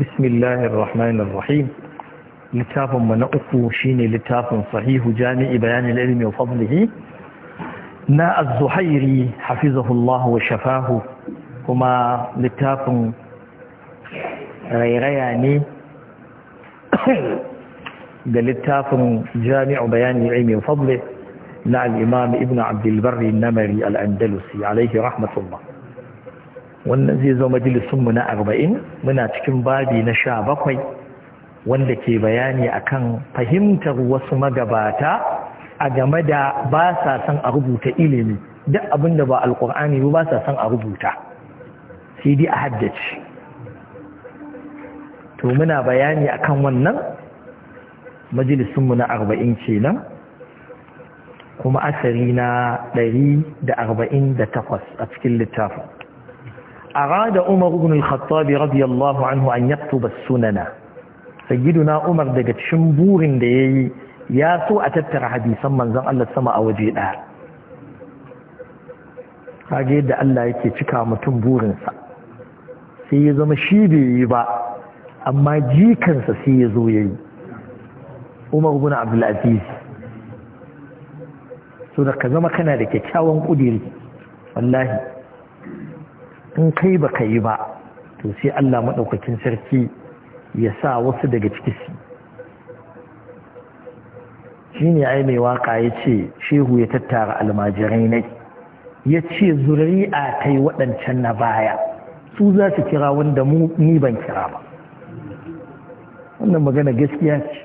بسم الله الرحمن الرحيم لتاف من أقو شيني لتاف صحيح جامع بيان العلم وفضله ناء الزهيري حفظه الله وشفاه هما لتاف غيغياني لتاف جامع بيان العلم وفضله نعم الإمام ابن عبد البر النمري الأندلسي عليه رحمة الله wannan zai zo majalisunmu na arba'in muna cikin babi na sha bakwai wanda ke bayani akan fahimtar wasu magabata a game da ba sa son a rubuta ilimi duk abin da ba alkur'ani ba sa san a rubuta sai dai a haddace to muna bayani akan wannan majalisunmu na arba'in kenan kuma asari na ɗari da arba'in da takwas a cikin littafin أراد عمر بن الخطاب رضي الله عنه أن يكتب السنن سيدنا عمر دقت شنبور دي يا سوء تتر حديثا من زن الله السماء وجيئها kage da Allah yake cika mutum burinsa sai ya zama shi bai yi ba amma jikansa sai ya zo ya yi umar bin abdulaziz so da ka zama kana da kyakkyawan kudiri wallahi in kai ba ka yi ba to sai Allah maɗaukakin sarki ya sa wasu daga ciki su shi ne ai mai waka ya ce shehu ya tattara almajirai ne ya ce zuri'a ta yi waɗancan na baya su za su kira wanda mu ni ban kira ba wannan magana gaskiya ce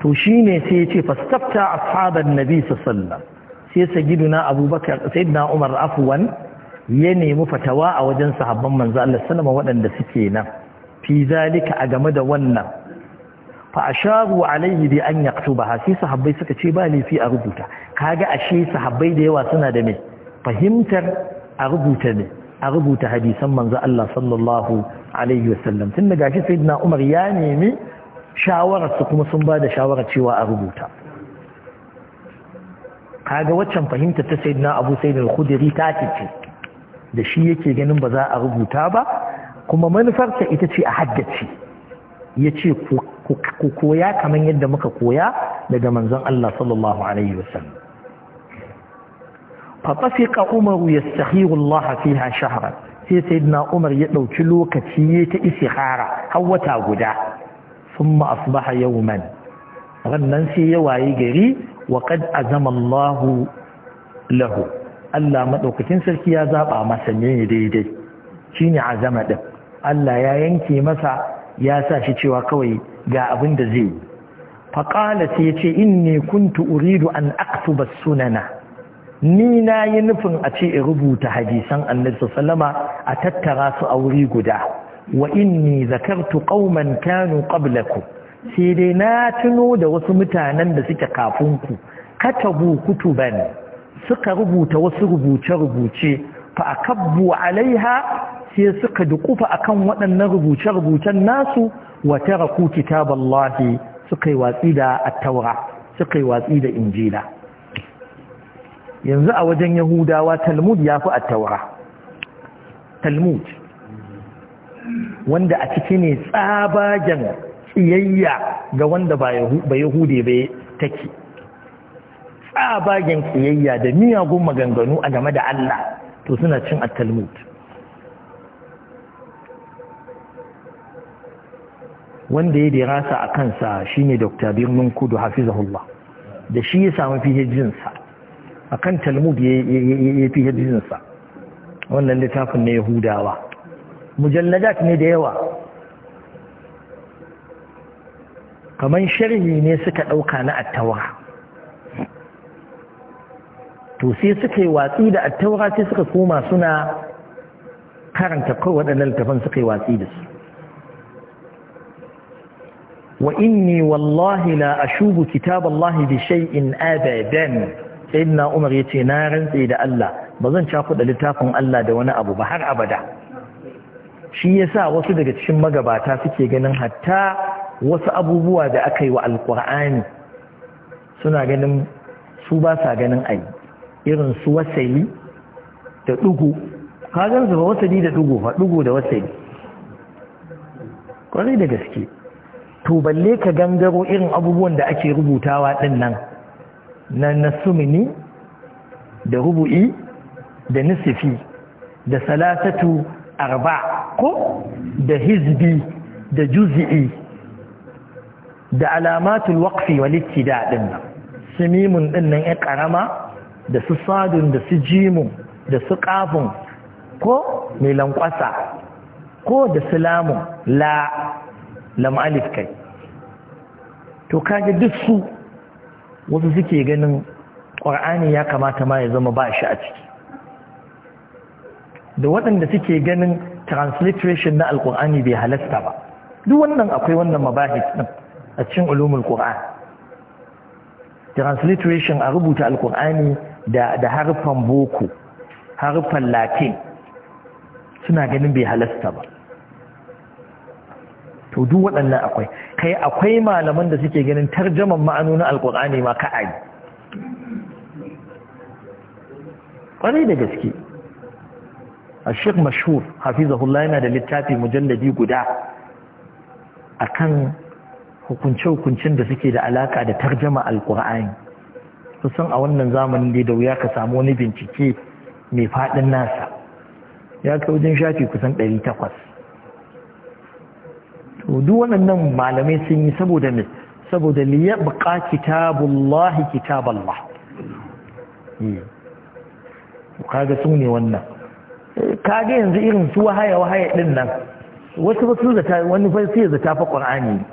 to shi ne sai ya ce fastafta fadar nabi sallallahu sai na abubakar sayyiduna umar afwan ya nemi fatawa a wajen sahabban manzo Allah sallama waɗanda suke nan fi zalika a game da wannan fa asharu alaihi bi an ha sai sahabbai suka ce ba fi a rubuta kaga ashe sahabbai da yawa suna da me fahimtar a rubuta ne a rubuta hadisan manzo Allah sallallahu alaihi wasallam tun daga shi sayyidina Umar ya nemi shawararsu su kuma sun ba da shawara cewa a rubuta kaga waccan fahimta ta sayyidina Abu Sa'id al-Khudri ta ce da shi yake ganin ba za a rubuta ba kuma manufarta ita ce a haddace yace ku koya kamar yadda muka koya daga manzon Allah sallallahu alaihi wasallam fa tafiqa Umar yastahiru Allah fiha shahran sai sayyidina Umar ya dauki lokaci ta istikhara har wata guda thumma asbaha yawman rannan sai ya waye gari wa qad azama Allahu lahu Allah madaukakin sarki ya zaba masa ne daidai shine azama din Allah ya yanke masa ya sa shi cewa kawai ga abin da zai qala sai yace inni kuntu uridu an aktuba sunana ni na yi nufin a ce in rubuta hadisan annabi sallama a tattara su a wuri guda wa inni zakartu qauman kanu qablakum sai dai na tuno da wasu mutanen da suke kafin ku katabu kutuban suka rubuta wasu rubuce-rubuce fa akabbu alaiha sai suka dukufa akan waɗannan rubuce-rubucen nasu wa taraku kitaballahi suka yi watsi da at suka yi watsi da injila yanzu a wajen yahudawa talmud ya fi attaura talmud wanda a ciki ne tsabagen tsiyayya ga wanda ba yahudi ba take tsabagen tsiyayya da miyagun maganganu a game da Allah to suna cin a talmud wanda ya dirasa a kansa shine Dr. Birnin Kudu hafizahullah da shi ya samu fihijinsa a kan talmud ya fihijinsa wannan littafin na yahudawa mujalladat ne da yawa kamar sharhi ne suka ɗauka na attawa to sai suka yi watsi da attawa sai suka koma suna karanta kawai waɗannan littafan suka yi watsi da su wa inni wallahi la ashubu kitab Allah bi shay'in abadan na umar ce na rantse da Allah ba zan cafu da littafin Allah da wani abu ba har abada shi yasa wasu daga cikin magabata suke ganin hatta wasu abubuwa da aka yi wa alkur'ani suna ganin su ba sa ganin ayi irin su wasali da ɗugu kagan su wasali da ɗugu fa ɗugu da wasali kwarai da gaske to balle ka gangaro irin abubuwan da ake rubutawa din nan na nasumini da rubu'i da nisifi da salatatu arba ko da hizbi da juzi'i da alamatul waqfi wal ibtida din nan simimun din nan ya karama da su sadun da su jimun da su kafun ko mai lankwasa ko da su lamun la lam alif kai to kaga duk su wasu suke ganin ƙur'ani ya kamata ma ya zama ba shi a ciki da waɗanda suke ganin transliteration na Alƙur'ani bai halasta ba duk wannan akwai wannan mabahis din. a cikin ulumul qur'an transliteration a rubuta alqur'ani da da harfan boko harfan latin suna ganin bai halasta ba to duk waɗannan akwai kai akwai malaman da suke ganin tarjaman ma'anonin alqur'ani ma ka'ai Ƙwarai da gaske الشيخ مشهور Hafizahullah yana da littafi mujalladi guda akan hukunce-hukuncen da suke da alaka da tarjama alkur'ani kusan a wannan zamanin da da wuya ka samu wani bincike mai faɗin nasa ya kai wajen shafi kusan 800 to duk nan malamai sun yi saboda ne saboda ya buƙa kitabullah kitaballah eh. kaga su ne wannan eh, kaga yanzu irin su wahaya wahaya din nan wasu ba su zata wani fasiyar da zata fa qur'ani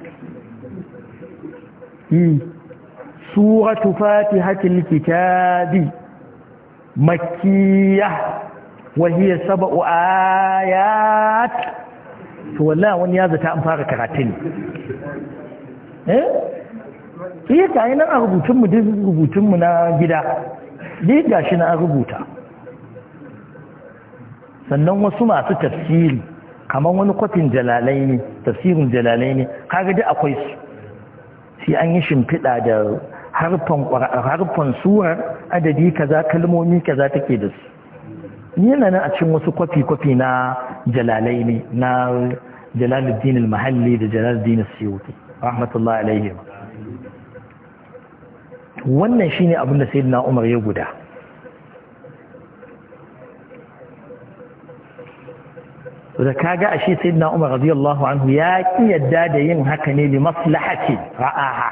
Hmm. suratu fatihatil kitabi makkiyah wa hiya sab'u ayat to wallahi wani ya zata an fara karatun eh iya eh, kai nan a rubutun mu duk rubutun mu na gida dai gashi na rubuta sannan wasu masu tafsiri kamar wani kwafin jalalai ne tafsirin jalalai ne kaga dai akwai su sai an yi shimfiɗa da harfan surar adadi kaza kalmomi kaza take da su ni yana nan a cikin wasu kwafi-kwafi na jalalai ne na jalaluddin al-mahalli da jalaluddin al-siyuti rahmatullahi alaihi wannan shine abin da sayyidina umar ya guda da kaga ashe sayyidina Umar radiyallahu anhu ya ki yadda da yin haka ne li maslahati ra'aha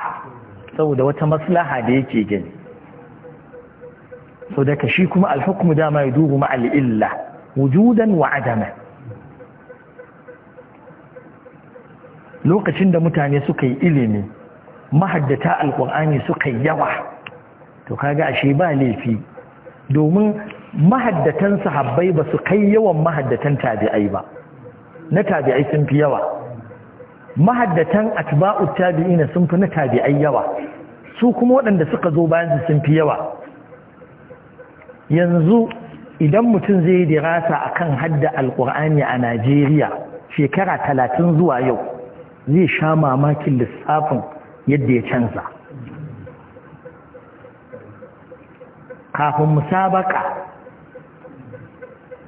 saboda wata maslaha da yake gani so daga shi kuma al dama ya ma al-illa wujudan wa adama lokacin da mutane suka yi ilimi mahaddata alkur'ani suka yi yawa to kaga ashe ba laifi domin mahaddatan sahabbai ba su kai yawan mahaddatan tabi'ai ba na tabi'ai sun fi yawa mahaddatan atba'u tabi'ina sun fi na tabi'ai yawa su kuma waɗanda suka zo bayan su sun fi yawa yanzu idan mutum zai dirasa akan hadda alkur'ani a Najeriya shekara talatin zuwa yau zai sha mamakin lissafin yadda ya canza kafin musabaka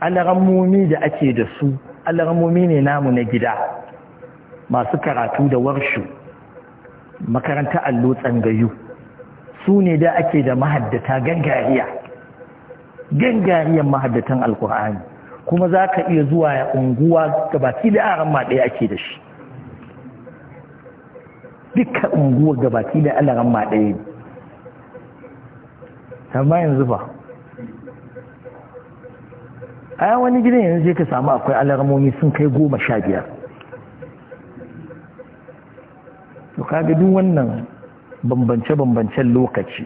alarammomi da ake da su alramomi ne namu na gida masu karatu da warshu makaranta allo tsangayu su ne da ake da mahaddata gangariya gangariyan mahaddatan alkur'ani kuma za ka iya zuwa ya unguwa gabaki da aran ma ɗaya ake da shi duka unguwa gabaki da alaran ma ɗaya ne amma yanzu ba a wani gidan yanzu zai ka samu akwai alarmomi sun kai goma sha biyar to kaga duk wannan bambance-bambancen lokaci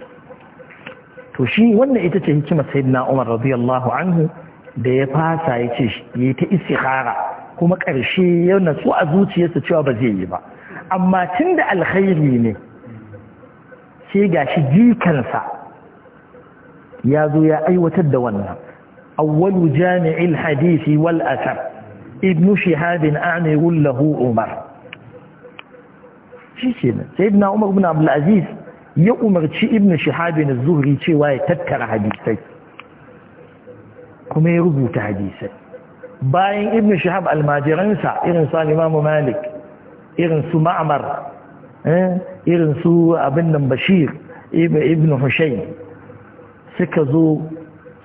to shi wannan ita ce hikimar sayyidina umar radiyallahu anhu da ya fasa ya ce ya ta hara kuma ƙarshe ya natsu a zuciyarsa cewa ba zai yi ba amma tun da alkhairi ne sai gashi jikansa ya zo ya aiwatar da wannan أول جامع الحديث والأثر ابن شهاب أعني يقول له عمر سيدنا عمر بن عبد العزيز يا عمر تشي ابن شهاب الزهري شي واي تذكر حديثي كما يربط حديثي باين ابن شهاب الماجرنسا إرنسا إمام مالك إرنس معمر إرنس ابن بشير ابن حشين سكزو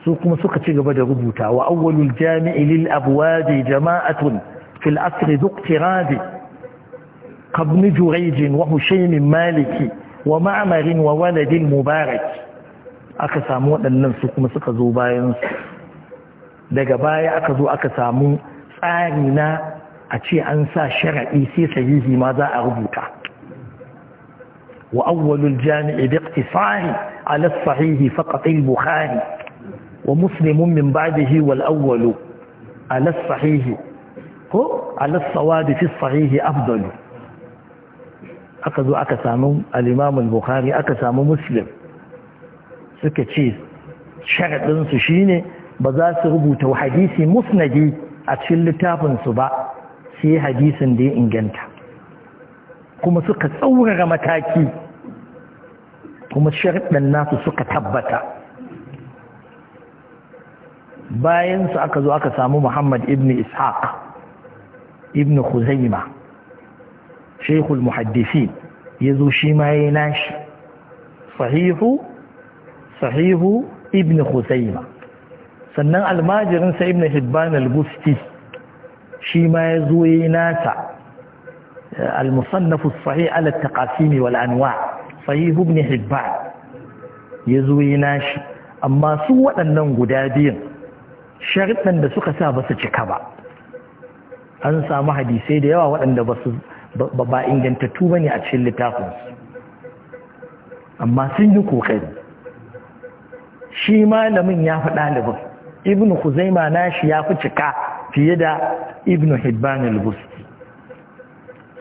su kuma suka ci gaba da rubuta wa awwalul jami'i lil abwadi jama'atun fil asri duqtiradi qabn jurayj wa husayn maliki wa ma'mar wa walad mubarak aka samu wadannan su kuma suka zo bayan su daga baya aka zo aka samu tsari na a ce an sa shara'i sai sahihi ma za a rubuta wa awwalul jami'i bi iqtisari ala sahihi faqat al-bukhari ومسلم من بعده والأول على الصحيح على الصواب في الصحيح أفضل أخذوا أكسام الإمام البخاري أكسام مسلم سكتشيز شرط سشيني بذات ربوت وحديث مسندي أتشل تابن سبا sai hadisin da ya inganta kuma suka tsaurara mataki kuma sharɗan nasu suka tabbata bayan su aka zo aka samu Muhammad ibn Ishaq ibn Khuzaima Sheikhul Muhaddisin yazo shi ma yayin nashi sahihu sahihu ibn Khuzaima sannan almajirin sa ibn Hibban al-Busti shi ma yazo yayin nasa المصنف الصحيح على التقاسيم والأنواع صحيح ابن حبان يزوي ناشي أما سوى guda قدابين sharɗin da suka sa ba su cika ba an samu hadisai da yawa waɗanda ba su ba ingantattu ba ne a cikin littafinsu amma sun yi ƙoƙari shi malamin ya fi ɗalibin ibn huzaima shi ya fi cika fiye da ibn hibban al-busti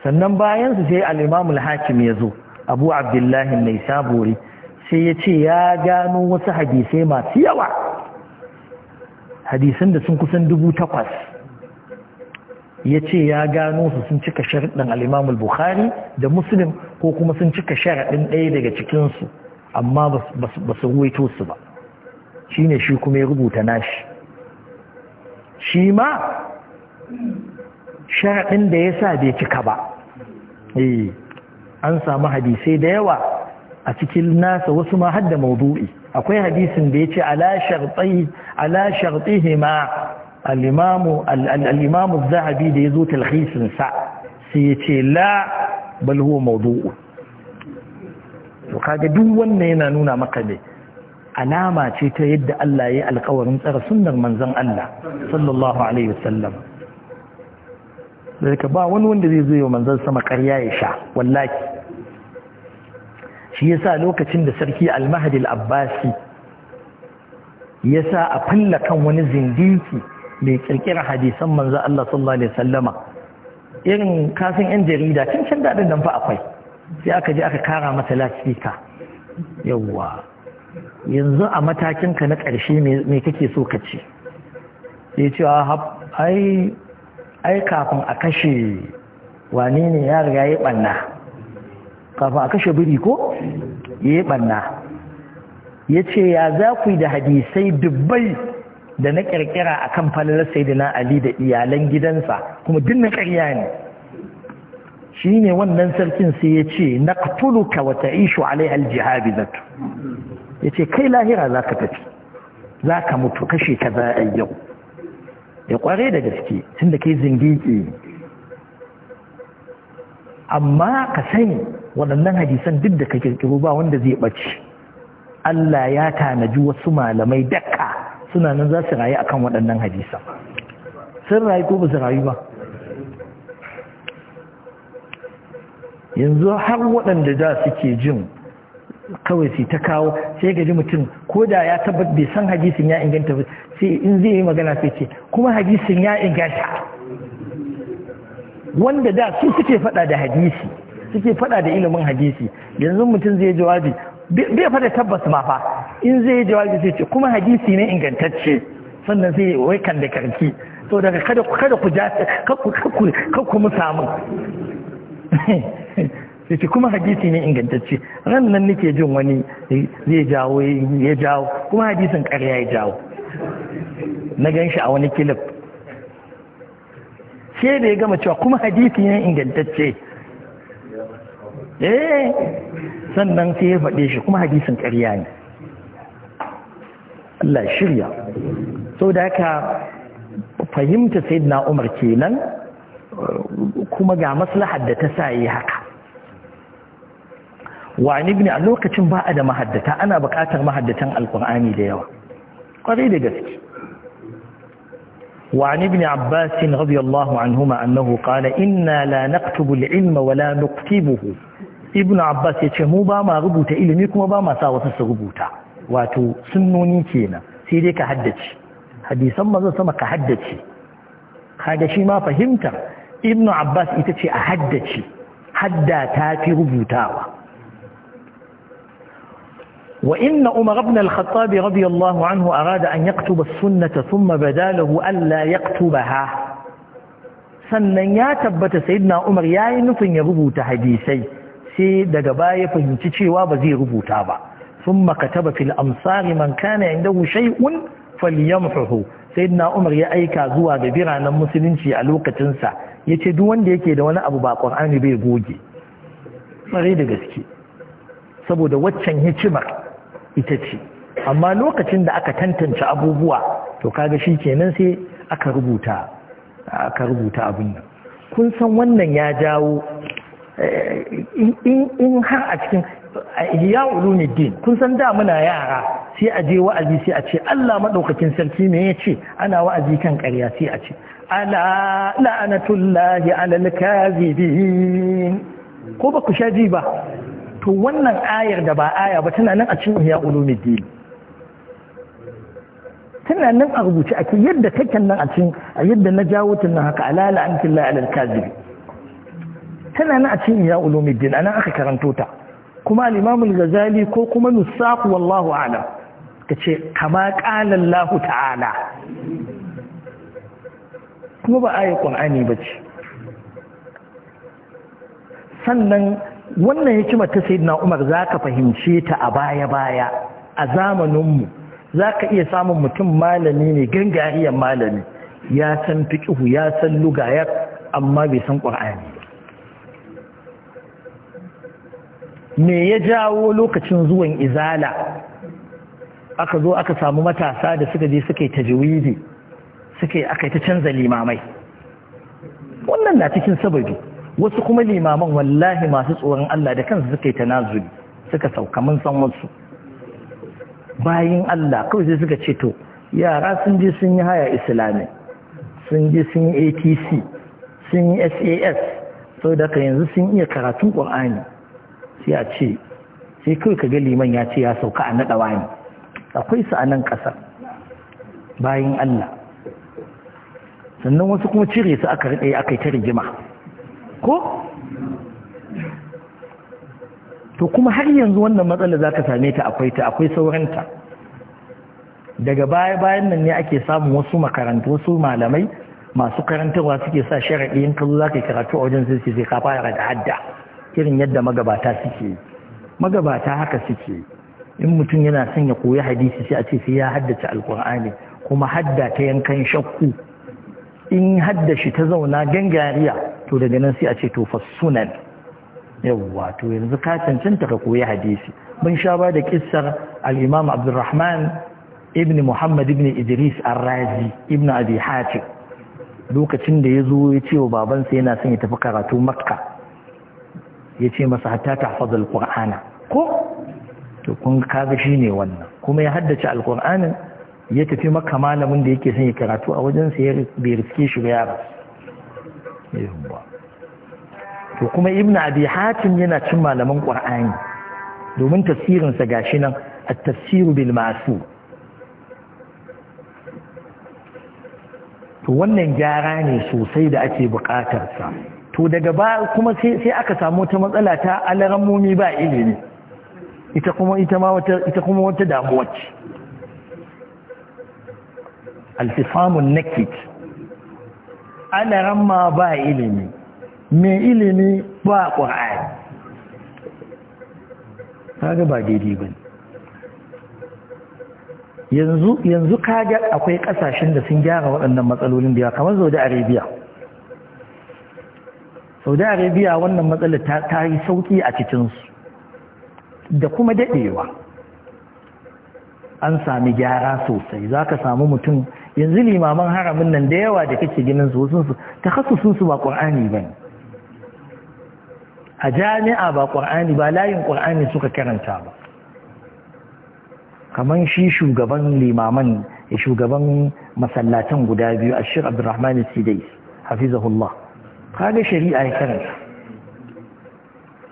sannan bayansu sai al-imam hakim ya zo abu abdullahi mai sabori sai ya ce ya gano wasu hadisai masu yawa hadisan da sun kusan dubu takwas ya ce ya gano su sun cika sharaɗin al'imamul bukhari da muslim ko kuma sun cika sharaɗin ɗaya daga cikinsu amma ba su ruwaito su ba shi ne shi kuma ya rubuta nashi shi ma sharaɗin da ya sa bai cika ba eh, an samu hadisai da yawa a cikin nasa wasu ma hadda maudu'i akwai hadisin da ya ce shartai ala shartihima al-imam zahabi da ya zo sa sai yace la bal maudu'u. mawdu'u to kaga duk wannan yana nuna maka ne alama ce ta yadda Allah ya alƙawarin tsara sunnar manzon Allah sallallahu alaihi wasallam zai ka ba wani wanda zai zo yau manzon sama ƙarya ya sha wallahi shi yasa lokacin da sarki almahdi al ya sa a falla kan wani zindiki mai kirkira hadisan manzo Allah sallallahu alaihi wasallama irin kasin yan jarida can can da nan akwai sai aka je aka kara masa lafika yawwa yanzu a matakin ka na ƙarshe me kake so ka ce sai ah, cewa ai kafin a kashe wane ne ya riga ya ɓanna kafin a kashe biri ko ya yi ɓanna ya ce ya za ku yi da hadisai dubbai da na ƙirƙira a kan da na ali da iyalan gidansa kuma duk na ne shi ne wannan sarkin sai ya ce na ka wata ishu alai aljihabi zato ya ce kai lahira za ka tafi za ka mutu kashe ka za a yau ya ƙware da gaske tun da kai zindiki amma ka sani waɗannan hadisan duk da ka kirkiro ba wanda zai ɓace Allah ya tanaji wasu malamai dakka suna nan za su rayu akan waɗannan hadisan sun rayu ko ba su rayu ba yanzu har waɗanda da suke jin kawai sai ta kawo sai gaji mutum ko da ya tabbat bai san hadisin ya inganta ba sai in zai yi magana sai ce kuma hadisin ya inganta wanda da su suke faɗa da hadisi suke fada da ilimin hadisi yanzu mutum zai jawabi bai fada tabbas ma fa in zai jawabi zai ce kuma hadisi ne ingantacce sannan sai wai kan da karki to daga kada ku kada ku ja ku kakku ku mu samu sai ce kuma hadisi ne ingantacce ran nan nake jin wani zai jawo ya jawo kuma hadisin ƙarya ya jawo na gan shi a wani kilif sai da ya gama cewa kuma hadisi ne ingantacce eh sannan sai ya faɗe shi kuma hadisin ƙarya ne Allah shirya so da haka fahimta sayyidina Umar kenan kuma ga maslahar da ta sa yi haka wani ibn a lokacin ba a da mahaddata ana buƙatar mahaddatan alkur'ani da yawa ƙwarai da gaske وعن ابن عباس رضي الله عنهما أنه قال إنا لا نكتب العلم ولا نكتبه ibn abbas ya ce mu ba ma rubuta ilimi kuma ba ma sa wasu su rubuta wato sunnoni kenan sai dai ka haddace hadisan manzo sama ka haddace kaga shi ma fahimta ibn abbas ita ce a haddace hadda ta fi rubutawa wa inna بن الخطاب رضي الله عنه أراد أن يكتب السنة ثم بدا له ألا يكتبها sannan ya tabbata sayyidina Umar yayi nufin ya rubuta hadisai sai daga baya fahimci cewa ba zai rubuta ba sun makataba fil amsari man kana indahu shay'un Sai na umar ya aika zuwa ga biranen musulunci a lokacin sa yace duk wanda yake da wani abu ba qur'ani bai goge tsare da gaske saboda waccan hikimar ita ce amma lokacin da aka tantance abubuwa to kaga shi kenan sai aka rubuta aka rubuta abin nan kun san wannan ya jawo Eh, in har a cikin ya din kun san da muna yara sai a je wa'azi sai a ce Allah madaukakin sarki me ce ana wa'azi kan ƙarya sai a ce ala la'anatullahi alal kazibin ko ba ku shaji ba to wannan ayar da ba aya ba tana nan a cikin ya din tana nan a rubuce a yadda take nan a cikin yadda na jawo tun haka ala la'anatullahi alal kazibin tana na a cikin ya ulumuddin ana aka karanto ta kuma al-imam ghazali ko kuma nusakh wallahu a'lam kace kama qala Allah ta'ala kuma ba ayi qur'ani bace sannan wannan yake ta sayyidina Umar zaka fahimce ta a baya baya a zamanin mu zaka iya samun mutum malami ne gangariyan malami ya san fiqhu ya san lugayar amma bai san qur'ani me ya jawo lokacin zuwan izala aka zo aka samu matasa da suka je suka yi tajwidi suka yi aka yi ta canza limamai wannan na cikin sababi wasu kuma limaman wallahi masu tsoron Allah da kansu suka yi nazuri suka sauka mun san wasu bayin Allah kawai sai suka ce to yara sun je sun yi haya islami sun je sun yi atc sun yi sas sau da ka yanzu sun iya karatun ƙur'ani sai a ce sai kawai ka ga liman ya ce ya sauka a naɗa wani akwai su a nan ƙasar bayan Allah sannan wasu kuma cire su aka riɗe aka yi ta rigima ko to kuma har yanzu wannan matsala za ka same ta akwai ta akwai sauranta daga baya bayan nan ne ake samun wasu makarantu wasu malamai masu karantarwa suke sa sharaɗi in ka zo za ka yi karatu a wajen sai ka fara da hadda irin yadda magabata suke magabata haka suke in mutum yana son ya koyi hadisi sai a ce sai ya haddace alkur'ani kuma hadda ta yankan shakku in shi ta zauna gangariya to daga nan sai a ce to fassunan yawwa to yanzu ka cancanta ka koyi hadisi mun sha ba da kissar al-imam abdurrahman ibn muhammad ibn idris ar-razi ibn abi hatim lokacin da ya zo ya ce wa babansa yana son ya tafi karatu makka ya ce masa hatta ta hafazar ƙur'ana ko to kun kaga shi ne wannan kuma ya haddace alƙur'anin ya tafi maka malamin da yake son ya karatu a wajensa ya bai riske shi ba yara to kuma ibn abi hatim yana cin malaman ƙur'ani domin tafsirinsa gashinan nan at-tafsiru bil ma'su to wannan gyara ne sosai da ake buƙatarsa to daga ba kuma sai aka samu wata matsala ta alarammomi ba ilimi ita kuma ita ma wata ita kuma wata damuwa ce alfisamun nakit alaramma ba ilimi mai ilimi ba ƙwar'ani kaga ba daidai ba yanzu yanzu kaga akwai ƙasashen da sun gyara waɗannan matsalolin da ya kamar saudi arabia da arabiya wannan matsala ta yi sauki a cikinsu da kuma daɗewa an sami gyara sosai za ka samu mutum yanzu limaman haramin nan da yawa da kake ginin su ta su sun su ba ƙur'ani ba a jami'a ba ƙur'ani ba layin ƙur'ani suka karanta ba kamar shi shugaban limaman shugaban masallatan guda biyu a ashir abdurrahman sidai hafizahullah kaga shari'a ya karanta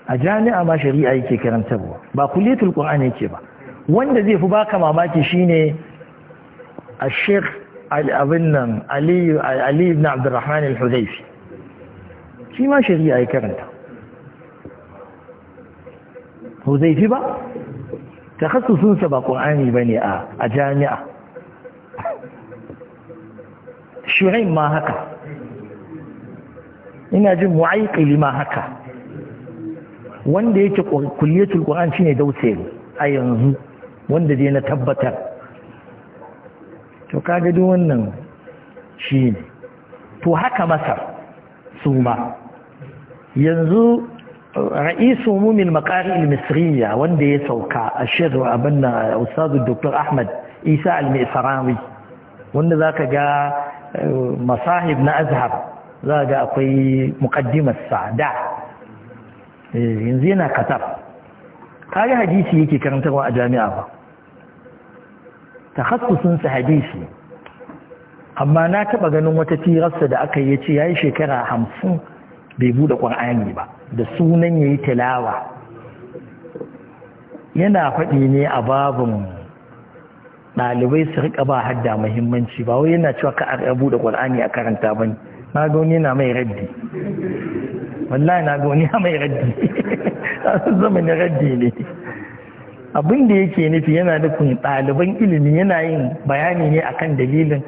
a jami'a ma shari'a yake karantarwa ba kuliyatul qur'ani yake ba wanda zai fi baka mamaki shine al-sheikh abin nan ali ali ibn abdurrahman al-hudayfi shi ma shari'a ya karanta hudayfi ba takhassusunsa ba qur'ani bane a a jami'a shu'aib ma haka ina jin mu'aikili ma haka wanda yake kulliyatul qur'an shine dausayi a yanzu wanda dai na tabbatar to kaga duk wannan shine to haka masar su ma yanzu ra'isu mumin makari al-misriya wanda ya sauka a shirin abin na dr ahmad isa al-mai wanda zaka ga eh, masahib na azhar za ga akwai mukaddimar sada eh, yanzu yana katar yi hadisi yake karantarwa a jami'a ba Ta takhassusunsa hadisi amma na taba ganin wata firarsa da aka yi ce ya yi shekara hamsin bai buɗe ƙwar'ani ba da sunan ya yi tilawa yana faɗi ne a babin ɗalibai su riƙa ba hadda muhimmanci ba wai yana cewa ka a buɗe ƙwar'ani a karanta ba ne na ga wani yana mai raddi wallahi na ga wani mai raddi zamanin raddi ne abin da yake nufi yana nufin ɗaliban ilimi yana yin bayani ne akan dalilin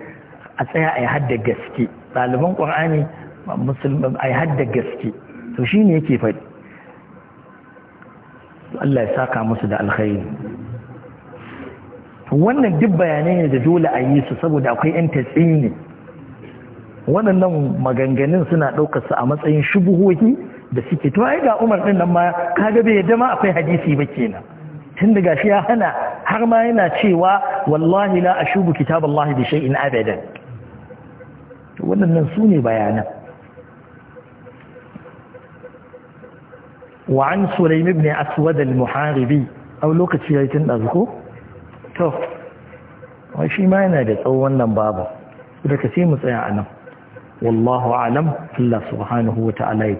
a tsaya a yi hadda gaske ɗaliban ƙwar'ani musulman a yi hadda gaske to shi ne yake faɗi Allah ya saka musu da alkhairi wannan duk bayanai ne da dole a yi su saboda akwai 'yan tatsi waɗannan maganganun suna ɗaukar su a matsayin shubuhohi da suke to ai ga Umar din nan ma kaga bai yadda ma akwai hadisi ba kenan tun daga gashi ya hana har ma yana cewa wallahi la ashubu kitaballahi bi shay'in abadan waɗannan su ne bayanan وعن سليم بن أسود المحاربي أو لوكا تشيريتين أذكو تو وشي ما ينادي أو ونن بابا إذا كثير متسيع عنه wallahu alam Allah subhanahu wa ta'ala